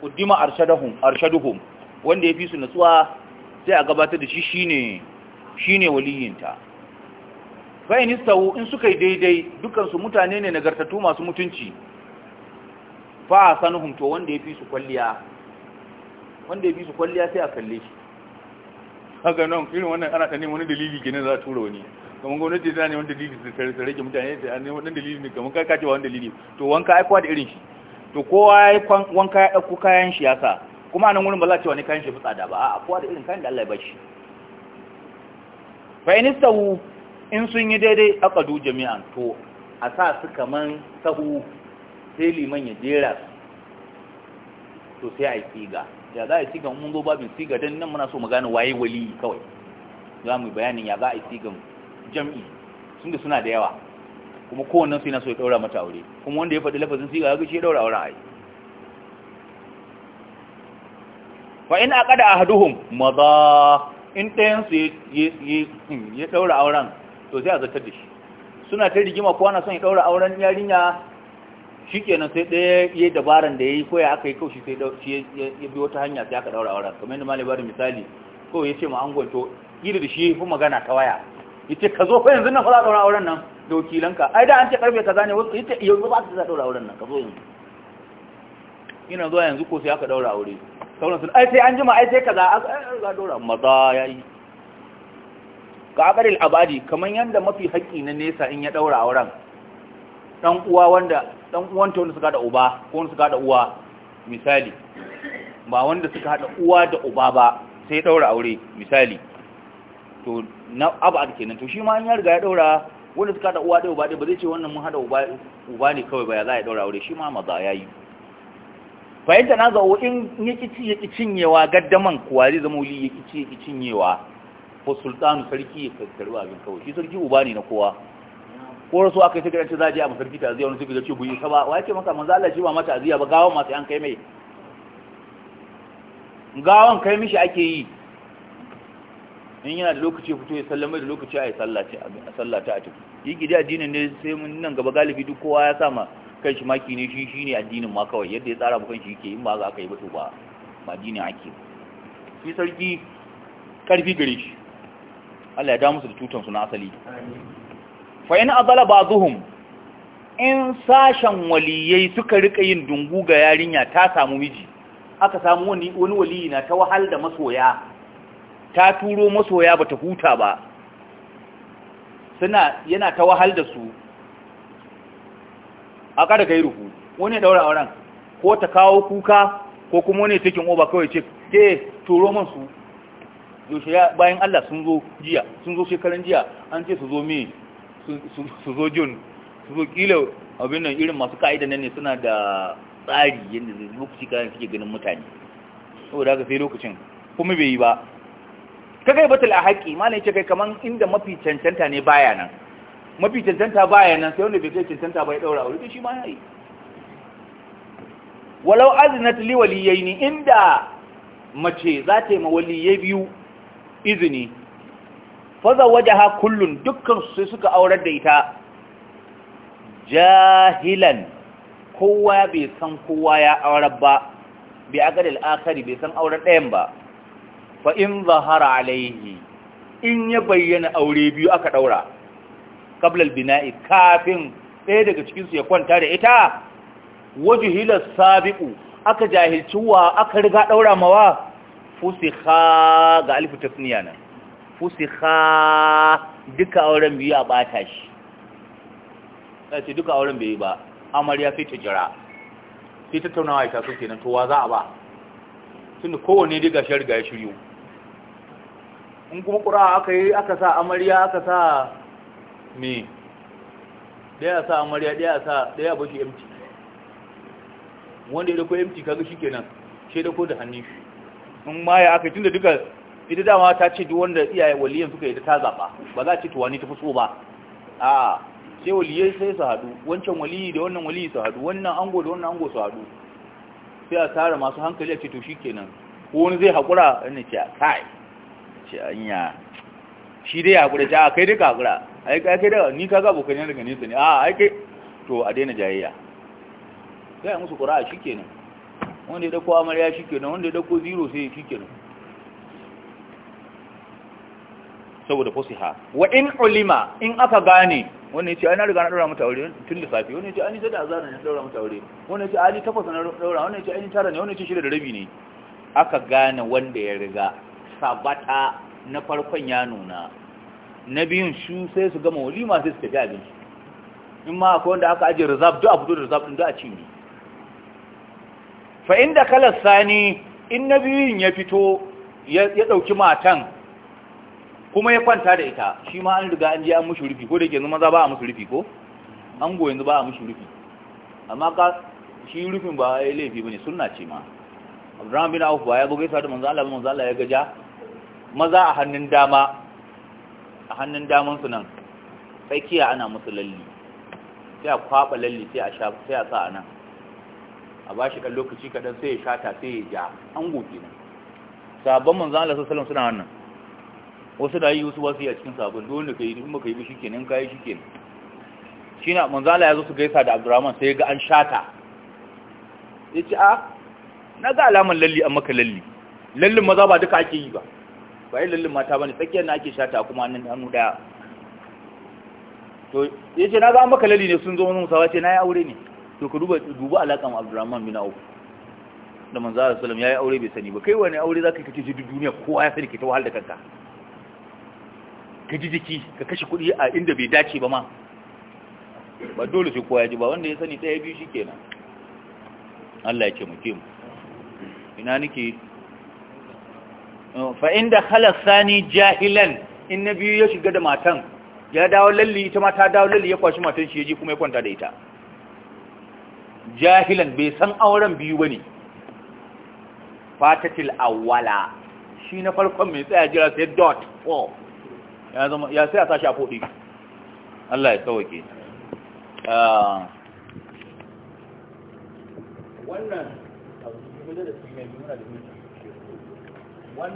kuddima arshadahum arshaduhum wanda yafi su nutsuwa sai a gabatar da shi shine shine waliyinta fa in istawu in suka yi daidai dukan su mutane ne nagartatu masu mutunci fa sanuhum to wanda yafi su kwalliya wanda yafi su kwalliya sai a kalle shi kaga nan irin wannan ana ta neman wani dalili kenan za a tura wani kamar gwamnati ta ne wani dalili su rage mutane ta ne wani dalili ne kamar kacewa wani dalili to wanka aikowa da irin shi to kowa ya yi wanka ya ɗauko kayan shi ya sa kuma nan wurin ba za a ce wani kayan shi fi tsada ba a kowa da irin kayan da Allah ya bashi fa in sahu in sun yi daidai aqadu jami'an to a sa su kaman sahu sai liman ya jera su to sai a yi siga ya za a yi siga mun zo babin siga don nan muna so mu gane waye wali kawai za mu bayanin ya za a yi sigan jam'i sun da suna da yawa kuma kowannan su yana so ya daura mata aure kuma wanda ya faɗi lafazin siga ga shi ya daura aure ai fa in aqada ahaduhum madha in ɗayan su ya daura auren to sai a zartar da shi suna ta rigima ko ana son ya daura auren yarinya shikenan sai ɗaya ya dabaran da yayi ko ya aka yi kaushi sai ya bi wata hanya sai aka daura auren kamar yadda malai bada misali ko ya ce ma angon to gida da shi fi magana ta waya ita ka zo fa yanzu nan fa za a daura auren nan da wakilanka ai da an ce karfe kaza ne wasu ita yanzu ba su za daura auren nan ka zo yanzu ina zuwa yanzu ko sai aka daura aure sauran sun ai sai an jima ai sai kaza a ga daura maza yayi ka akaril abadi kaman yanda mafi haƙƙi na nesa in ya daura auren dan uwa wanda dan uwan ta wanda suka da uba ko wanda suka da uwa misali ba wanda suka hada uwa da uba ba sai daura aure misali to na a abad kenan to shi ma an ya riga ya daura wanda suka da uwa ɗaya uba ɗaya ba zai ce wannan mun haɗa uba ne kawai ba ya za a ɗaura aure shi ma maza ya yi fahimta na zawo in ya ƙici ya ƙi cinyewa gaddaman kuwa zai zama wuli ya ƙici ya ƙi cinyewa ko sultanu sarki ya karɓi abin kawai shi sarki uba ne na kowa ko rasu aka yi ta gidan ce za a je a masarki ta ziya wani suka ce buyi ta ba wa yake masa manzo Allah shi ba mata aziya ba gawan masu yan kai mai gawan kai mishi ake yi in yana da lokaci fito ya sallama da lokaci a sallah ta a tafi yi gidi addinin ne sai mun nan gaba galibi duk kowa ya sama kan shi maki ne shi shi ne addinin ma kawai yadda ya tsara bukan shi yake yi ba za ka yi ba to ba ma addinin ake shi sarki karfi gare shi Allah ya damu su da tutan su na asali fa in azala ba'dhum in sashen waliyai suka rika yin dungu ga yarinya ta samu miji aka samu wani wani waliyi na ta wahal da masoya ta turo masoya bata huta ba suna yana ta wahal da su a kada yi ruhu wani daura auren ko ta kawo kuka ko kuma wani cikin oba kawai ce ke turo man su yaushe bayan Allah sun zo jiya sun zo shekaran jiya an ce su zo mi? su zo jun su zo kila abin nan irin masu ka'ida nan ne suna da tsari yadda zai lokaci kayan suke ganin mutane saboda haka sai lokacin kuma bai yi ba Ka kai batul a haƙi malai ce kai kaman inda mafi cancanta ne baya nan mafi cancanta baya nan sai wanda bai kai cancanta bai ɗaura aure wurin shi ma yayi walau aznat li waliyaini inda mace za ta yi ma waliyai biyu izini faza wajaha kullun dukkan su suka aurar da ita jahilan kowa bai san kowa ya aurar ba bi aqdal bai san aurar ɗayan ba fa in zahara alaihi in ya bayyana aure biyu aka daura qabla bina’i kafin ɗaya daga cikin su ya kwanta da ita wajhila sabiqu aka jahilciwa wa aka riga daura mawa fusikha ga alif tasniya nan fusikha duka auren biyu a bata shi sai duka auren bai yi ba amarya sai ta jira sai tattaunawa ita so kenan to wa za a ba Tun kowanne dai gashi riga ya shiryo in kuma ƙura aka yi aka sa amarya aka sa me ɗaya sa amarya ɗaya sa ɗaya a bashi empty wanda ya dako MT kaga shi kenan shi dako da hannun shi in ma ya aka tunda duka ita dama ta ce duk wanda iyaye waliyan suka yi ta zaɓa ba za a ce tuwani ta fuso so ba a sai waliyai sai su haɗu wancan waliyi da wannan waliyi su haɗu wannan ango da wannan ango su haɗu sai a tara masu hankali a ce to shi kenan ko wani zai haƙura wani ce kai ce anya shi dai abu da ta kai dai hakura ai kai da ni kaga abokan yana daga nesa ne a ai kai to a daina jayayya sai a musu ƙura'a shi kenan wanda ya dauko amarya shi kenan wanda ya dauko zero sai shi kenan saboda fasiha wa in ulima in aka gane wani ya ce ai na riga na daura mata aure tun lissafi wani ya ce ai da azana ne daura mata aure wani ya ce ai takwas na daura wani ya ce ai tara ne wani ya ce shida da rabi ne aka gane wanda ya riga sabat ta na farkon ya nuna na biyun shu sai su gama walima sai su tafi abinci in ma akwai wanda aka ajiye rizab duk a fito da rizab ɗin duk a cinye fa inda kalar sani in na biyun ya fito ya ɗauki matan kuma ya kwanta da ita shi ma an riga an je an mushi rufi ko da ke zama za ba a mushi rufi ko an yanzu ba a mushi rufi amma ka shi rufin ba ya laifi ba ne suna ce ma abdurrahman bin auf ba ya bugai sa da manzala Allah ya gaja maza a hannun dama a hannun su nan kiya ana musu lalli sai a kwaɓa lalli sai a sha sai a sa a nan a bashi kan lokaci kaɗan sai ya shata sai ya ja an gobe nan sabon manzo Allah sallallahu suna wannan wasu da yi wasu wasu ya a cikin sabon dole ka yi in baka yi ba shikenan ka yi shikenan shine manzo Allah ya zo su gaisa da Abdurrahman sai ga an shata yace a ah, na ga alaman lalli an maka lalli lallin maza ba duka ake yi ba ba yi lullun mata ba ne tsakiyar na ake shata kuma da hannu daya to ya ce na ga maka lalli ne sun zo wani musawa ce na yi aure ne to ka duba dubu alaƙan abdurrahman bin Awu da manzo Salam ya yi aure bai sani ba kai wani aure zaka kake ji duniya kowa ya sani ke ta wahal da kanka ka ji jiki ka kashe kuɗi a inda bai dace ba ma ba dole sai kowa ya ji ba wanda ya sani ɗaya biyu shi kenan. Allah ya ce mu ke mu ina nake fa inda khalasani jahilan in na biyu ya shiga da matan ya dawo lalli ita ma ta dawo lalli ya kwashi matan shi ya ji kuma ya kwanta da ita jahilan bai san auren biyu bane fatatil awwala shi na farkon mai tsaya jira sai dot oh ya zama ya sai a tashi a fodi Allah ya tsawake ah. wannan abu da da muna da